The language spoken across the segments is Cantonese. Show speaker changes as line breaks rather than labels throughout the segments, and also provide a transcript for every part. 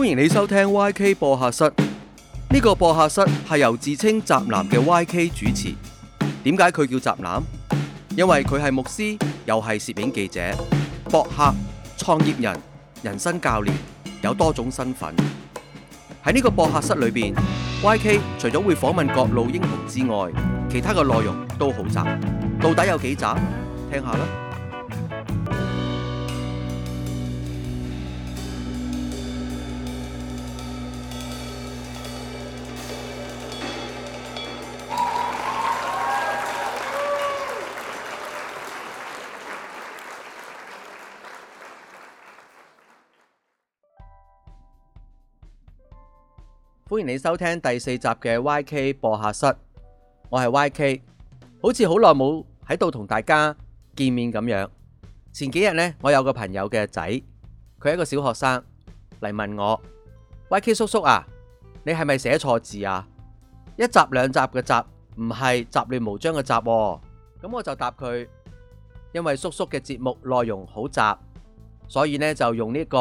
歡迎你收聽 YK 播客室，呢個播客室係由自稱雜男嘅 YK 主持。點解佢叫雜男？因為佢係牧師，又係攝影記者、博客、創業人、人生教練，有多種身份。喺呢個播客室裏邊，YK 除咗會訪問各路英雄之外，其他嘅內容都好雜。到底有幾雜？聽下啦。歡迎你收聽第四集嘅 YK 播客室，我係 YK，好似好耐冇喺度同大家見面咁樣。前幾日呢，我有個朋友嘅仔，佢係一個小學生嚟，問我：YK 叔叔啊，你係咪寫錯字啊？一集兩集嘅集唔係雜亂無章嘅集？哦。咁我就答佢，因為叔叔嘅節目內容好雜，所以呢，就用呢個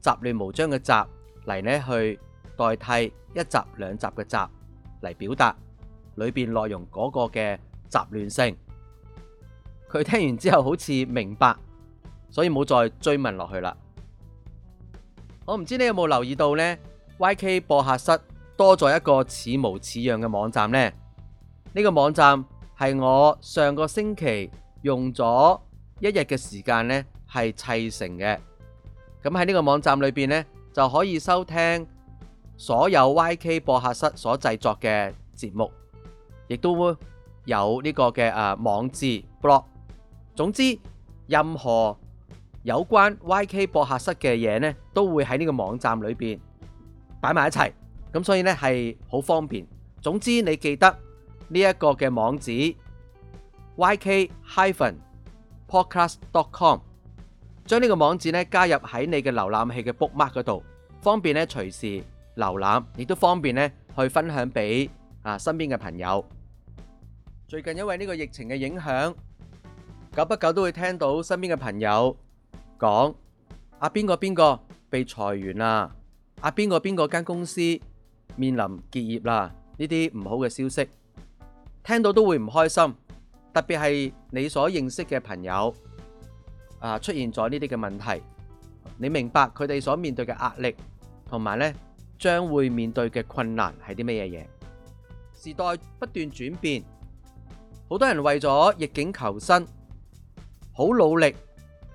雜亂無章嘅集嚟呢去，代替一集兩集嘅集嚟，表達裏邊內容嗰個嘅雜亂性，佢聽完之後好似明白，所以冇再追問落去啦。我唔知你有冇留意到呢？YK 播客室多咗一個似模似樣嘅網站呢呢、呢個網站係我上個星期用咗一日嘅時間呢係砌成嘅。咁喺呢個網站裏邊呢，就可以收聽。所有 YK 播客室所製作嘅節目，亦都會有呢個嘅誒、啊、網誌 blog。總之，任何有關 YK 播客室嘅嘢呢，都會喺呢個網站裏邊擺埋一齊。咁所以呢，係好方便。總之，你記得呢一、這個嘅網址 YK-hyphen-podcast.com。將呢個網址呢加入喺你嘅瀏覽器嘅 bookmark 嗰度，方便呢隨時。瀏覽亦都方便咧，去分享畀啊身邊嘅朋友。最近因為呢個疫情嘅影響，久不久都會聽到身邊嘅朋友講：啊邊個邊個被裁員喇啊邊、啊、個邊個間公司面臨結業喇、啊、呢啲唔好嘅消息，聽到都會唔開心。特別係你所認識嘅朋友啊，出現咗呢啲嘅問題，你明白佢哋所面對嘅壓力，同埋咧。將會面對嘅困難係啲咩嘢嘢？時代不斷轉變，好多人為咗逆境求生，好努力，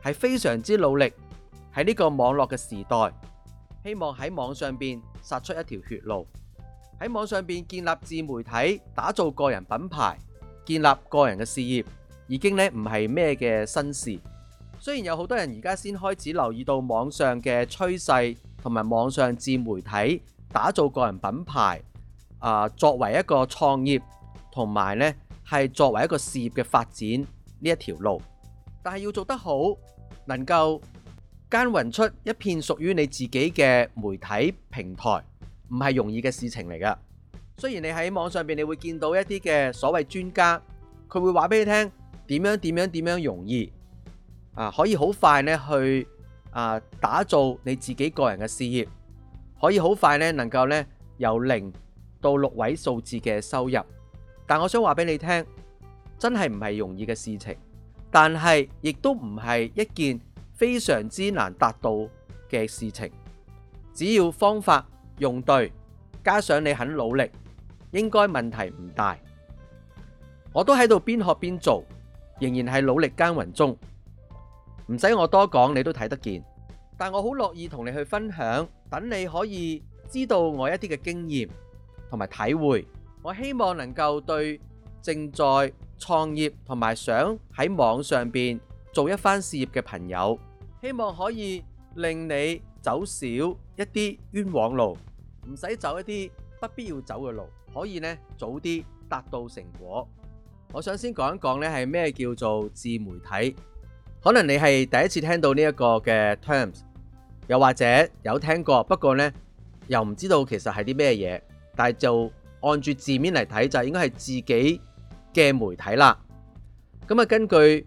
係非常之努力。喺呢個網絡嘅時代，希望喺網上邊殺出一條血路，喺網上邊建立自媒體、打造個人品牌、建立個人嘅事業，已經呢唔係咩嘅新事。雖然有好多人而家先開始留意到網上嘅趨勢。同埋網上自媒體打造個人品牌，啊、呃，作為一個創業，同埋呢係作為一個事業嘅發展呢一條路，但係要做得好，能夠耕耘出一片屬於你自己嘅媒體平台，唔係容易嘅事情嚟㗎。雖然你喺網上邊，你會見到一啲嘅所謂專家，佢會話俾你聽點樣點樣點樣容易，啊，可以好快呢去。啊！打造你自己個人嘅事業，可以好快呢，能夠呢由零到六位數字嘅收入。但我想話俾你聽，真係唔係容易嘅事情，但係亦都唔係一件非常之難達到嘅事情。只要方法用對，加上你肯努力，應該問題唔大。我都喺度邊學邊做，仍然係努力耕耘中。唔使我多講，你都睇得見。但我好樂意同你去分享，等你可以知道我一啲嘅經驗同埋體會。我希望能夠對正在創業同埋想喺網上做一番事業嘅朋友，希望可以令你走少一啲冤枉路，唔使走一啲不必要走嘅路，可以呢早啲達到成果。我想先講一講呢係咩叫做自媒體。可能你係第一次聽到呢一個嘅 terms，又或者有聽過，不過呢又唔知道其實係啲咩嘢，但係就按住字面嚟睇就應該係自己嘅媒體啦。咁啊，根據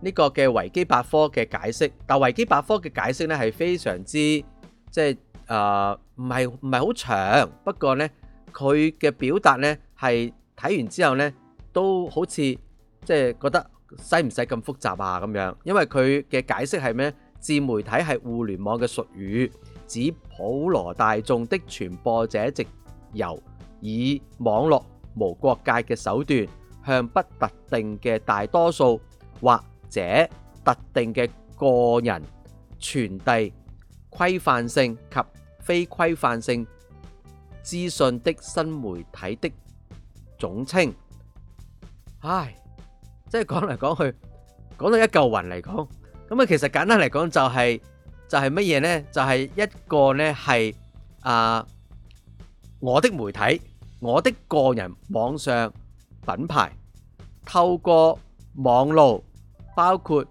呢個嘅維基百科嘅解釋，但維基百科嘅解釋呢係非常之即係啊，唔係唔係好長，不過呢佢嘅表達呢係睇完之後呢都好似即係覺得。使唔使咁複雜啊？咁樣，因為佢嘅解釋係咩？自媒體係互聯網嘅術語，指普羅大眾的傳播者藉由以網絡無國界嘅手段，向不特定嘅大多數或者特定嘅個人傳遞規範性及非規範性資訊的新媒體的總稱。唉。即係講嚟講去，講到一嚿雲嚟講，咁啊其實簡單嚟講就係就係乜嘢呢？就係一個呢，係啊我的媒體，我的個人網上品牌，透過網絡，包括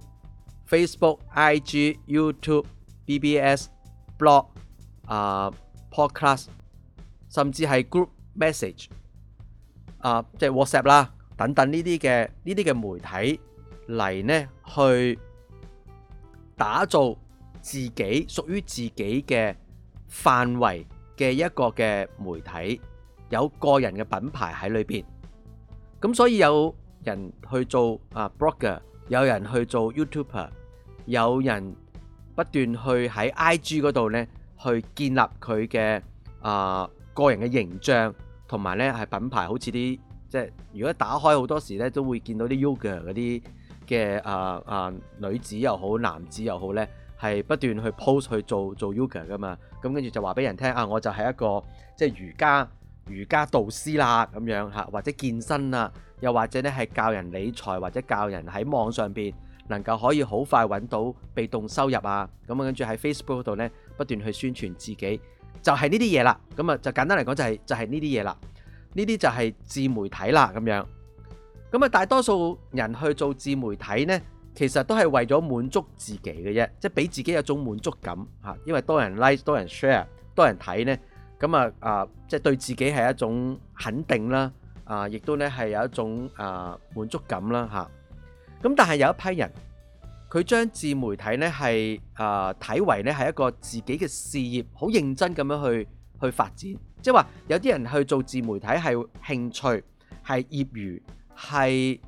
Facebook、IG、YouTube、BBS、Blog、啊 Podcast，甚至係 Group Message 啊，即係 WhatsApp 啦。等等呢啲嘅呢啲嘅媒體嚟呢，去打造自己屬於自己嘅範圍嘅一個嘅媒體，有個人嘅品牌喺裏邊。咁所以有人去做啊 Blogger，有人去做 YouTuber，有人不斷去喺 IG 嗰度呢，去建立佢嘅啊個人嘅形象，同埋呢係品牌，好似啲。即係如果打開好多時咧，都會見到啲 Yoga 嗰啲嘅啊啊女子又好，男子又好咧，係不斷去 post 去做做 Yoga 噶嘛。咁跟住就話俾人聽啊，我就係一個即係瑜伽瑜伽導師啦，咁樣嚇，或者健身啊，又或者咧係教人理財，或者教人喺網上邊能夠可以好快揾到被動收入啊。咁啊，跟住喺 Facebook 度咧不斷去宣傳自己，就係呢啲嘢啦。咁啊、就係，就簡單嚟講就係就係呢啲嘢啦。呢啲就係自媒體啦，咁樣咁啊！大多數人去做自媒體呢，其實都係為咗滿足自己嘅啫，即係俾自己有一種滿足感嚇，因為多人 like、多人 share、多人睇呢，咁啊啊，即係對自己係一種肯定啦，啊，亦都咧係有一種啊滿足感啦嚇。咁但係有一批人，佢將自媒體呢係啊睇為呢係一個自己嘅事業，好認真咁樣去去發展。即係話有啲人去做自媒體係興趣、係業餘，係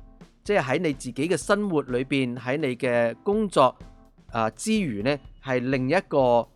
即係喺你自己嘅生活裏邊，喺你嘅工作啊之餘呢，係另一個，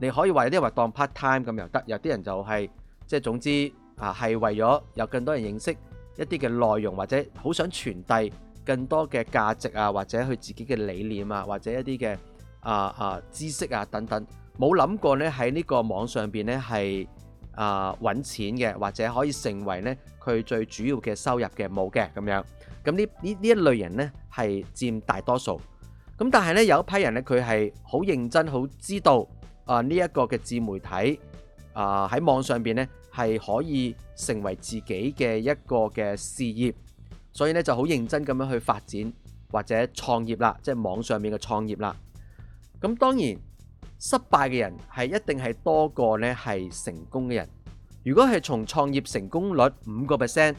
你可以話有啲人話當 part time 咁又得，有啲人就係即係總之啊係為咗有更多人認識一啲嘅內容，或者好想傳遞更多嘅價值啊，或者佢自己嘅理念啊，或者一啲嘅啊啊知識啊等等，冇諗過呢，喺呢個網上邊呢係。啊，揾錢嘅或者可以成為呢佢最主要嘅收入嘅冇嘅咁樣，咁呢呢一類人呢，係佔大多數，咁但係呢，有一批人呢，佢係好認真，好知道啊呢一個嘅自媒體啊喺網上邊呢，係可以成為自己嘅一個嘅事業，所以呢，就好認真咁樣去發展或者創業啦，即係網上面嘅創業啦，咁、啊、當然。失敗嘅人係一定係多過呢，係成功嘅人。如果係從創業成功率五個 percent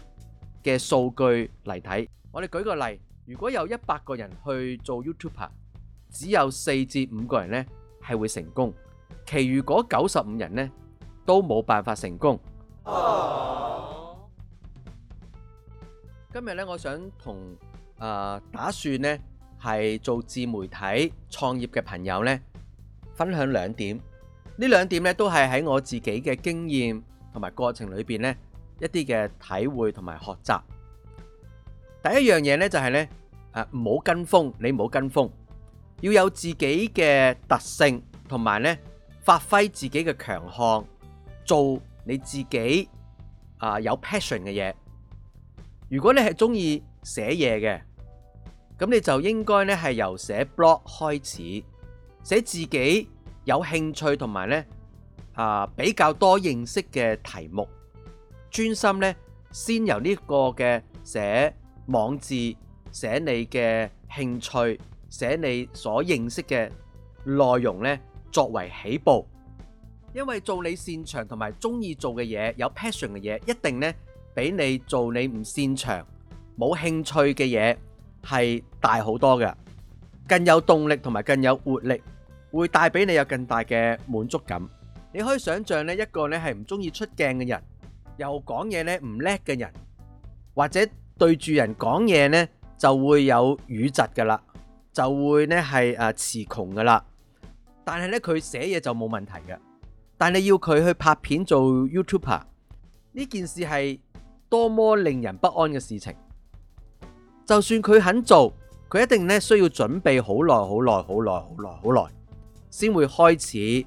嘅數據嚟睇，我哋舉個例，如果有一百個人去做 YouTuber，只有四至五個人呢係會成功，其餘嗰九十五人呢都冇辦法成功。今日呢，我想同啊打算呢係做自媒體創業嘅朋友呢。分享兩點，呢兩點呢都係喺我自己嘅經驗同埋過程裏邊呢一啲嘅體會同埋學習。第一樣嘢呢，就係呢：唔好跟風，你唔好跟風，要有自己嘅特性同埋呢發揮自己嘅強項，做你自己啊有 passion 嘅嘢。如果你係中意寫嘢嘅，咁你就應該呢，係由寫 blog 開始。寫自己有興趣同埋呢，啊比較多認識嘅題目，專心呢先由呢個嘅寫網誌，寫你嘅興趣，寫你所認識嘅內容呢作為起步。因為做你擅長同埋中意做嘅嘢，有 passion 嘅嘢，一定呢比你做你唔擅長、冇興趣嘅嘢係大好多嘅，更有動力同埋更有活力。會帶俾你有更大嘅滿足感。你可以想象咧，一個咧係唔中意出鏡嘅人，又講嘢咧唔叻嘅人，或者對住人講嘢咧就會有語窒噶啦，就會咧係誒詞窮噶啦。但係呢，佢寫嘢就冇問題嘅。但係你要佢去拍片做 YouTuber，呢件事係多麼令人不安嘅事情。就算佢肯做，佢一定咧需要準備好耐好耐好耐好耐好耐。先會開始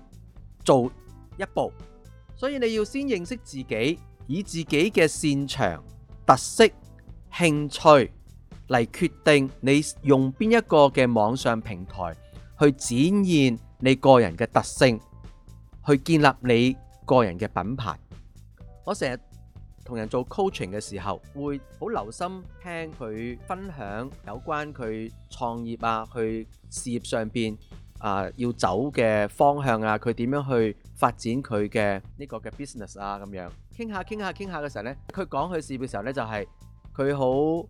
做一步，所以你要先認識自己，以自己嘅擅長、特色、興趣嚟決定你用邊一個嘅網上平台去展現你個人嘅特性，去建立你個人嘅品牌。我成日同人做 coaching 嘅時候，會好留心聽佢分享有關佢創業啊，佢事業上面，啊，要走嘅方向啊，佢點樣去發展佢嘅呢個嘅 business 啊，咁樣傾下傾下傾下嘅時候呢，佢講佢事業嘅時候呢，就係佢好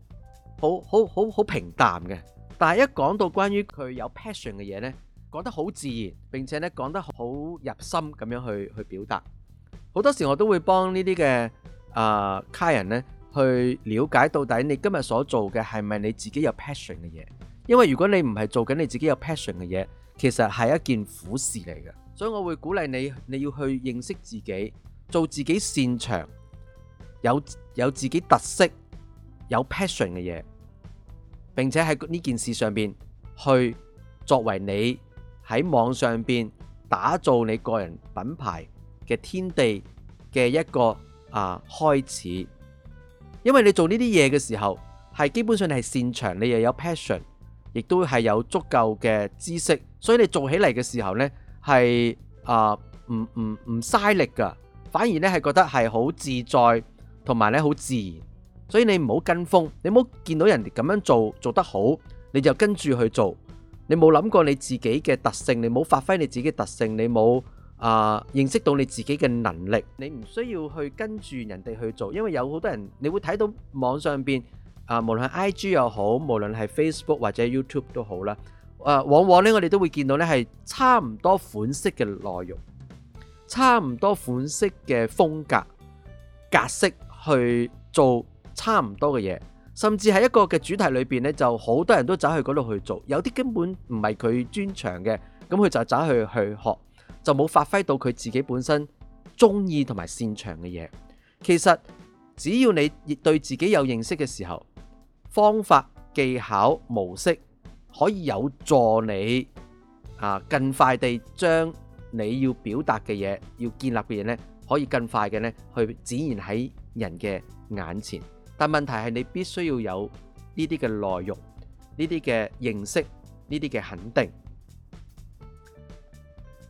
好好好平淡嘅，但係一講到關於佢有 passion 嘅嘢呢，講得好自然並且呢，講得好入心咁樣去去表達。好多時我都會幫呢啲嘅啊客人呢，去了解到底你今日所做嘅係咪你自己有 passion 嘅嘢？因為如果你唔係做緊你自己有 passion 嘅嘢。其實係一件苦事嚟嘅，所以我會鼓勵你，你要去認識自己，做自己擅長、有有自己特色、有 passion 嘅嘢，並且喺呢件事上邊去作為你喺網上邊打造你個人品牌嘅天地嘅一個啊、呃、開始。因為你做呢啲嘢嘅時候，係基本上你係擅長，你又有 passion。亦都係有足夠嘅知識，所以你做起嚟嘅時候呢，係啊唔唔唔嘥力㗎，反而呢係覺得係好自在，同埋呢好自然。所以你唔好跟風，你唔好見到人哋咁樣做做得好，你就跟住去做。你冇諗過你自己嘅特性，你冇發揮你自己嘅特性，你冇啊認識到你自己嘅能力，你唔需要去跟住人哋去做，因為有好多人，你會睇到網上邊。啊，無論係 I G 又好，無論係 Facebook 或者 YouTube 都好啦，啊。往往呢，我哋都會見到呢係差唔多款式嘅內容，差唔多款式嘅風格格式去做差唔多嘅嘢，甚至係一個嘅主題裏面呢，就好多人都走去嗰度去做，有啲根本唔係佢專長嘅，咁佢就走去去學，就冇發揮到佢自己本身中意同埋擅長嘅嘢。其實只要你亦對自己有認識嘅時候，方法技巧模式可以有助你啊，更快地將你要表達嘅嘢，要建立嘅嘢咧，可以更快嘅咧去展現喺人嘅眼前。但問題係你必須要有呢啲嘅內容，呢啲嘅認識，呢啲嘅肯定。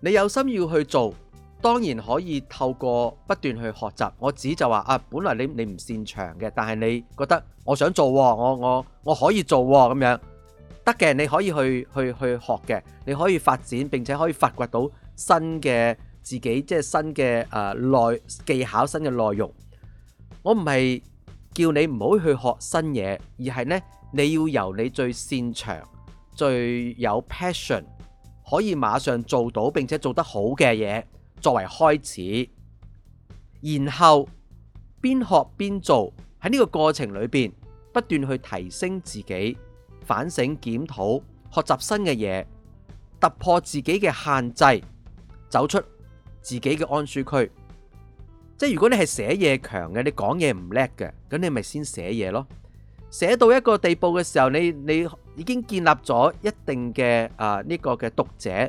你有心要去做。當然可以透過不斷去學習。我指就話啊，本來你你唔擅長嘅，但係你覺得我想做，我我我可以做咁樣得嘅，你可以去去去學嘅，你可以發展並且可以發掘到新嘅自己，即係新嘅誒內技巧、新嘅內容。我唔係叫你唔好去學新嘢，而係咧你要由你最擅長、最有 passion，可以馬上做到並且做得好嘅嘢。作為開始，然後邊學邊做，喺呢個過程裏邊不斷去提升自己，反省檢討，學習新嘅嘢，突破自己嘅限制，走出自己嘅安舒區。即係如果你係寫嘢強嘅，你講嘢唔叻嘅，咁你咪先寫嘢咯。寫到一個地步嘅時候，你你已經建立咗一定嘅啊呢個嘅讀者，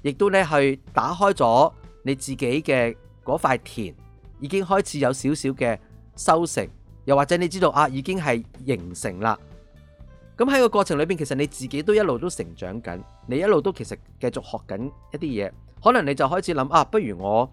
亦都咧去打開咗。你自己嘅嗰塊田已經開始有少少嘅收成，又或者你知道啊，已經係形成啦。咁喺個過程裏邊，其實你自己都一路都成長緊，你一路都其實繼續學緊一啲嘢。可能你就開始諗啊，不如我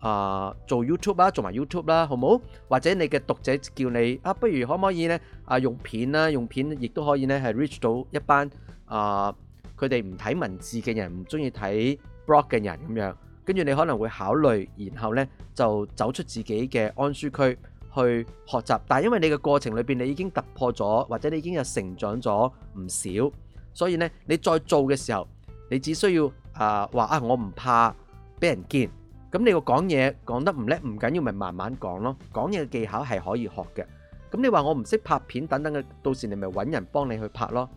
啊做 YouTube 啦，做埋 YouTube 啦，好唔好？或者你嘅讀者叫你啊，不如可唔可以呢？啊，用片啦，用片亦都可以呢，係 reach 到一班啊佢哋唔睇文字嘅人，唔中意睇 blog 嘅人咁樣。跟住你可能會考慮，然後呢就走出自己嘅安舒區去學習。但係因為你嘅過程裏邊，你已經突破咗，或者你已經有成長咗唔少，所以呢，你再做嘅時候，你只需要啊話、呃、啊，我唔怕俾人見。咁你個講嘢講得唔叻唔緊要，咪慢慢講咯。講嘢嘅技巧係可以學嘅。咁你話我唔識拍片等等嘅，到時你咪揾人幫你去拍咯。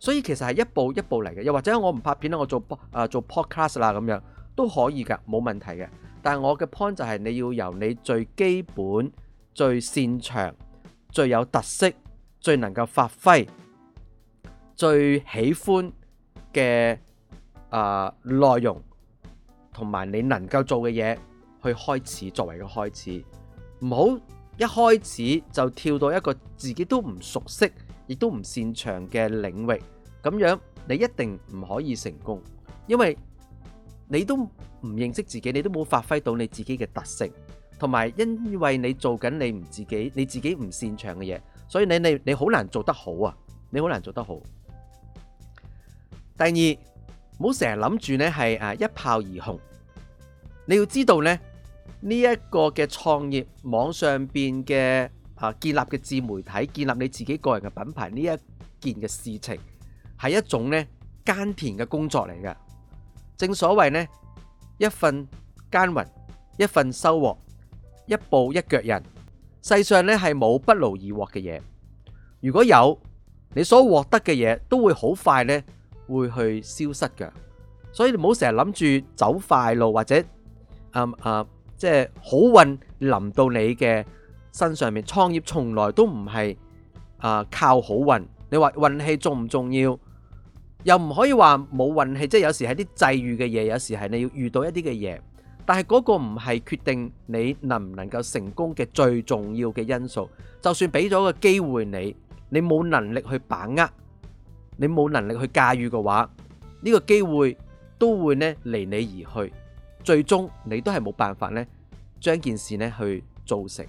所以其實係一步一步嚟嘅，又或者我唔拍片啦，我做啊、呃、做 podcast 啦咁樣。都可以㗎，冇問題嘅。但係我嘅 point 就係，你要由你最基本、最擅長、最有特色、最能夠發揮、最喜歡嘅啊內容，同埋你能夠做嘅嘢去開始作為個開始。唔好一開始就跳到一個自己都唔熟悉、亦都唔擅長嘅領域，咁樣你一定唔可以成功，因為。你都唔認識自己，你都冇發揮到你自己嘅特性，同埋因為你做緊你唔自己，你自己唔擅長嘅嘢，所以你你你好難做得好啊！你好難做得好。第二，唔好成日諗住咧係誒一炮而紅。你要知道呢，呢一個嘅創業網上邊嘅啊建立嘅自媒體，建立你自己個人嘅品牌呢一件嘅事情，係一種呢耕田嘅工作嚟嘅。正所謂咧，一份耕耘，一份收穫，一步一腳印。世上咧係冇不勞而獲嘅嘢。如果有，你所獲得嘅嘢都會好快咧會去消失嘅。所以你唔好成日諗住走快路或者嗯啊，即係好運臨到你嘅身上面。創業從來都唔係啊靠好運。你話運氣重唔重要？又唔可以話冇運氣，即係有時係啲際遇嘅嘢，有時係你要遇到一啲嘅嘢，但係嗰個唔係決定你能唔能夠成功嘅最重要嘅因素。就算俾咗個機會你，你冇能力去把握，你冇能力去駕馭嘅話，呢個機會都會呢離你而去，最終你都係冇辦法呢將件事呢去做成。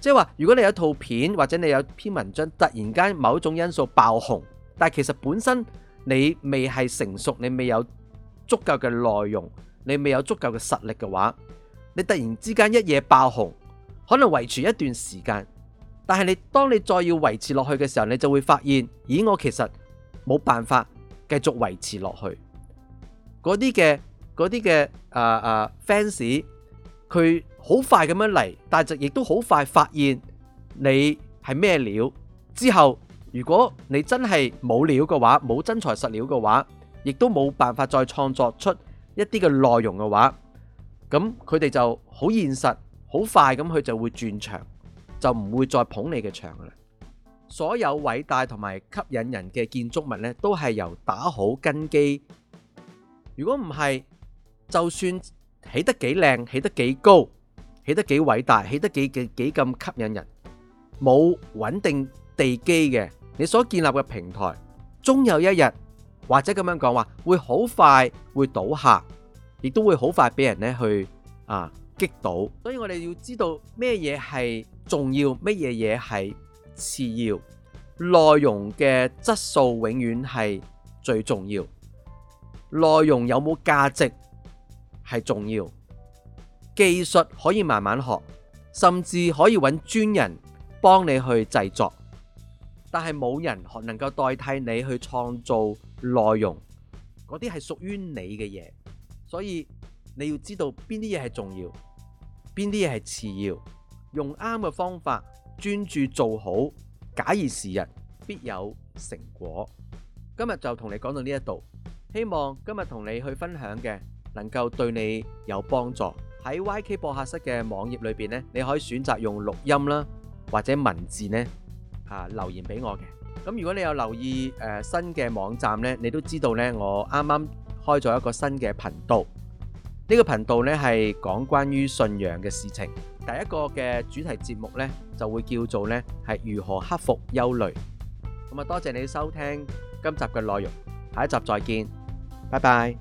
即係話，如果你有套片或者你有篇文章突然間某種因素爆紅，但其實本身。你未係成熟，你未有足夠嘅內容，你未有足夠嘅實力嘅話，你突然之間一夜爆紅，可能維持一段時間，但係你當你再要維持落去嘅時候，你就會發現，咦、哎，我其實冇辦法繼續維持落去。嗰啲嘅嗰啲嘅啊啊 fans，佢好快咁樣嚟，但係亦都好快發現你係咩料之後。如果你真係冇料嘅話，冇真材實料嘅話，亦都冇辦法再創作出一啲嘅內容嘅話，咁佢哋就好現實，好快咁佢就會轉場，就唔會再捧你嘅場啦。所有偉大同埋吸引人嘅建築物呢，都係由打好根基。如果唔係，就算起得幾靚，起得幾高，起得幾偉大，起得幾幾幾咁吸引人，冇穩定地基嘅。你所建立嘅平台，終有一日或者咁樣講話，會好快會倒下，亦都會好快俾人去啊擊倒。所以我哋要知道咩嘢係重要，乜嘢嘢係次要。內容嘅質素永遠係最重要，內容有冇價值係重要。技術可以慢慢學，甚至可以揾專人幫你去製作。但係冇人可能夠代替你去創造內容，嗰啲係屬於你嘅嘢，所以你要知道邊啲嘢係重要，邊啲嘢係次要，用啱嘅方法，專注做好，假以時日，必有成果。今日就同你講到呢一度，希望今日同你去分享嘅能夠對你有幫助。喺 YK 播客室嘅網頁裏邊咧，你可以選擇用錄音啦，或者文字呢。啊！留言俾我嘅。咁，如果你有留意誒，新嘅網站呢，你都知道呢。我啱啱開咗一個新嘅頻道。呢個頻道呢，係講關於信仰嘅事情。第一個嘅主題節目呢，就會叫做呢，係如何克服憂慮。咁啊，多謝你收聽今集嘅內容，下一集再見，拜拜。